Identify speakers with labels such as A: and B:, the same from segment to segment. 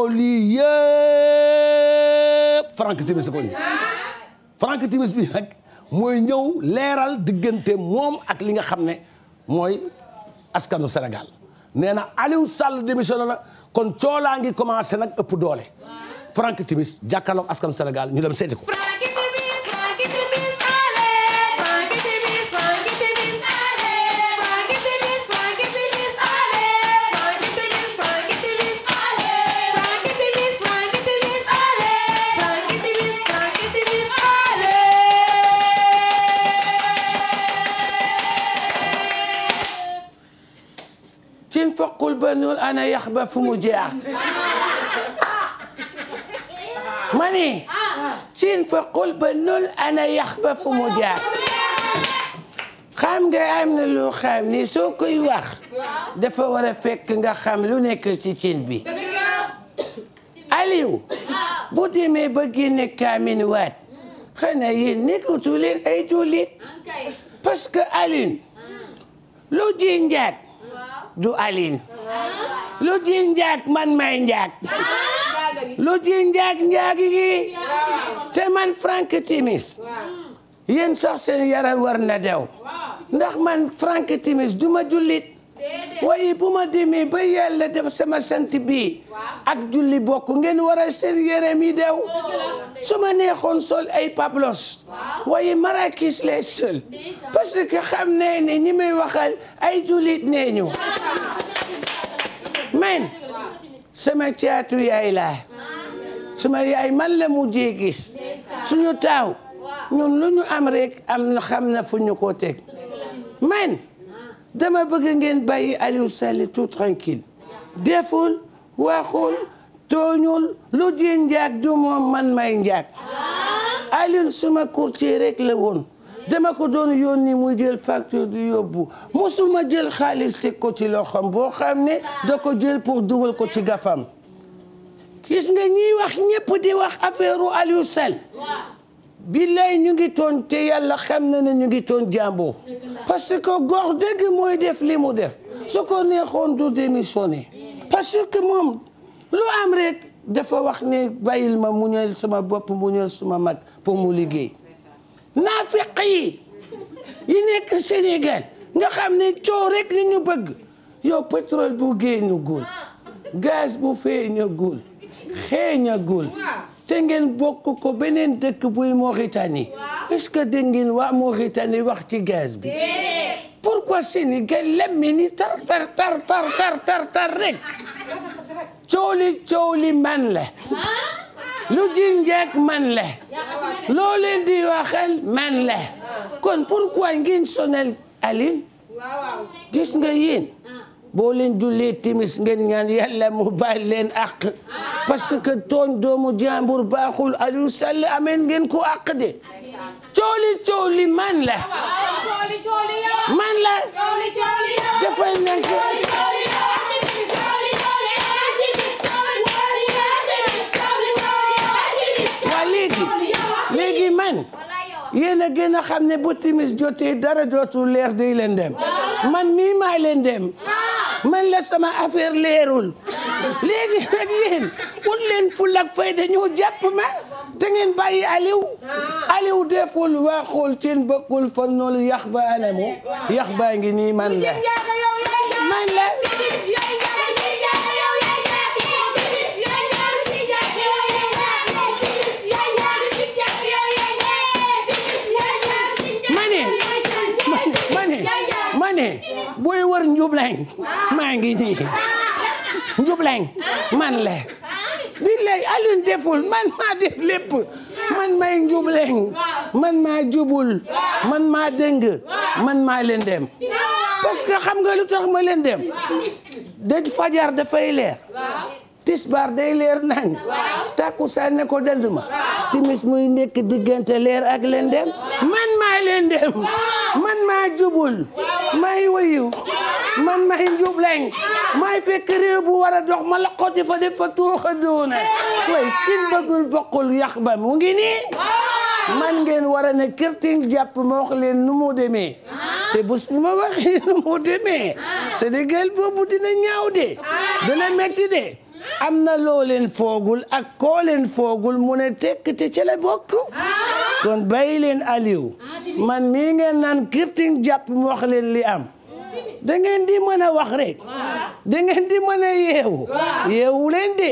A: coow lii yëpp Frank Timis ko indi Frank Timis bi nag mooy ñëw leeral diggante moom ak li nga xam ne mooy askanu Sénégal nee na Aliou Sall démissionné na kon coolaa ngi commencé nag ëpp doole Frank Timis jàkkaarloog askanu Sénégal ñu dem seeti ko cin foqul ba ñuul ana yax ba fu mu jaar ma ni cin foqul ba ana yax fu mu xam nga am na loo xam ni soo koy wax dafa war a fekk nga xam lu nekk ci cin bi Aliou bu demee ba génne kaamin waat xanaa yéen ay jullit parce que Aliou lu ji njaat du alin lu ji njaag man may njaag lu ji njaag njaag gi te man Frank Timis yéen sax seen yaram war na dew ndax man Frank Timis duma jullit waaye bu ma demee ba yàlla def sama sant bi ak julli bokk ngeen war a seen yéreem yi deew su ma neexoon sol ay pablos waaye marakis lay sol parce que xam ne ne ñi may waxal ay jullit nee ñu man sama caatu yaay laa sama yaay man la mujjee gis suñu taaw ñun lu ñu am rek am na xam na fu ñu ko teg man dama bëgg ngeen bàyyi Aliou Sall tout tranquille deful waxul tooñul lu di njaag du moom man may njaag Aliou suma courtier rek la woon dama ko doon yónni muy jël facture du yóbbu musuma jël xaalis teg ko ci loxoom boo xam ne da ko jël pour dugal ko ci gafam gis nga ñiy wax ñëpp di wax affaire u Aliou Sall billaay ñu ngi toon te yàlla xam na ne ñu ngi toon jàmbur parce que góor dëgg mooy def li mu def su ko neexoon du démissionné parce que moom lu am rek dafa wax ne bàyyil ma muñal sama bopp muñal suma mag pour mu liggéey naafiq yi yi nekk Sénégal nga xam ne coow rek li ñu bëgg yow pétrole bu génn gul gaz bu feeñ a gul xeeñ gul te ngeen bokk ko beneen dëkk buy Mauritanie est-ce que dégg ngeen waa Mauritanie wax ci gaz bi pourquoi Sénégal mi ni tar tar tar tar tar rek cooli cooli man la lu jinjeek man la loo di waxal man la ah. kon pourquoi ngeen sonal Aline gis nga yéen boo leen jullee timis ngeen ñaan yàlla mu baal leen àq que tooñ doomu jàmbur baaxul Aliou Sall ameen ngeen ko àq de cooli cooli man la man la defal nañ ko waa léegi man yéen a gën a xam ne bu timis jotee dara dootul leer day leen dem man mii maa leen dem man la sama affaire leerul léegi nag yéen ut leen fulla ñu jàpp ma te ngeen bàyyi Aliou Aliou deful waxul cin bokkul fa noonu yax ba anamu yax baa ne booy war njubleng maa ngi nii njubleng man le billaay Alioune deful man maa def lépp man may njubleng man maa jubul man maa dëng man maa leen dem parce que xam nga lu tax ma leen de fajar dafay leer tisbaar day leer nañ takkusaan ne ko danduma timis muy nekk diggante leer ak leen leen dem man maa jubul may wayu man may njublañ may fekk réew bu war a dox ma laqoti fa def fa tuuxa doona way ci bëggul bokkul yax ba mu ngi nii man ngeen war a ne kirting jàpp ma wax leen nu mu demee te bés bu ma waxee nu mu demee Sénégal boobu dina ñaaw de dina metti de am na loolen foogul ak koo foogul mu ne tekk te ci la kon bayi leen Aliou man mii ngeen naan kirtin jàpp mu wax leen li am da ngeen di mën a wax rek da ngeen di mën a yeewu yeewu leen de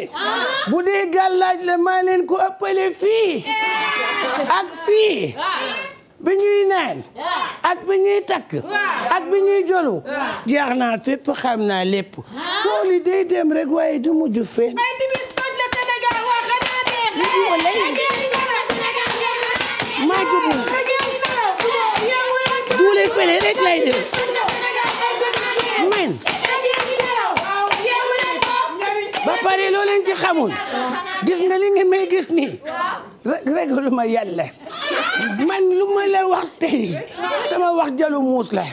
A: bu dee gàllaaj la maa leen ko ëppale fii ak fii bi ñuy naan ak bi ñuy takk ak bi ñuy jolu jeex naa fépp xam naa lépp tool yi day dem rek waaye ju mujj fenn maa jubul duule fële rek lay def men ba pare loo leen ci gis nga li gis nii rek ma yàlla man lu ma la wax sama wax jalu muus la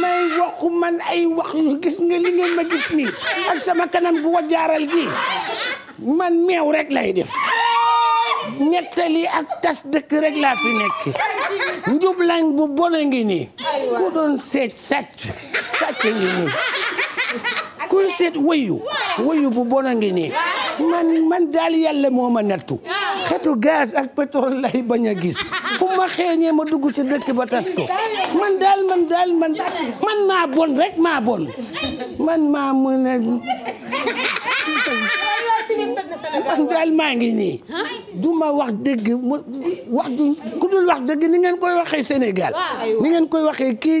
A: may waxu man ay wax gis nga li ngeen ma gis nii ak sama kanam gu wajaaral gi man meew rekk lay def nettali ak tas dëkk rekk laa fi nekk njublañ bu bon a ngi nii ku doon seet sàcc sàcc ngi nii ku seet wëyu wëyu bu bon a ngi nii man daal yàlla moo ma nattu xetu gaz ak pétrole lay bañ a gis fu ma dugg ci dëkk ba tas man daal man daal man maa bon rek maa bon maa mën a man daal maa ngi nii du ma wax dëgg wax du ku dul wax dëgg ni ngeen koy waxee Sénégal ni ngeen koy waxee kii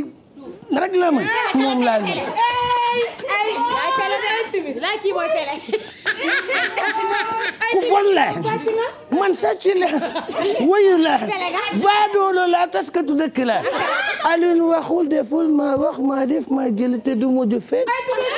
A: rek la mën moom laa mën ku bon la man sàcc la wayu la baadoolo la taskatu dëkk la Alioune waxul deful ma wax ma def ma jël te du mujj fenn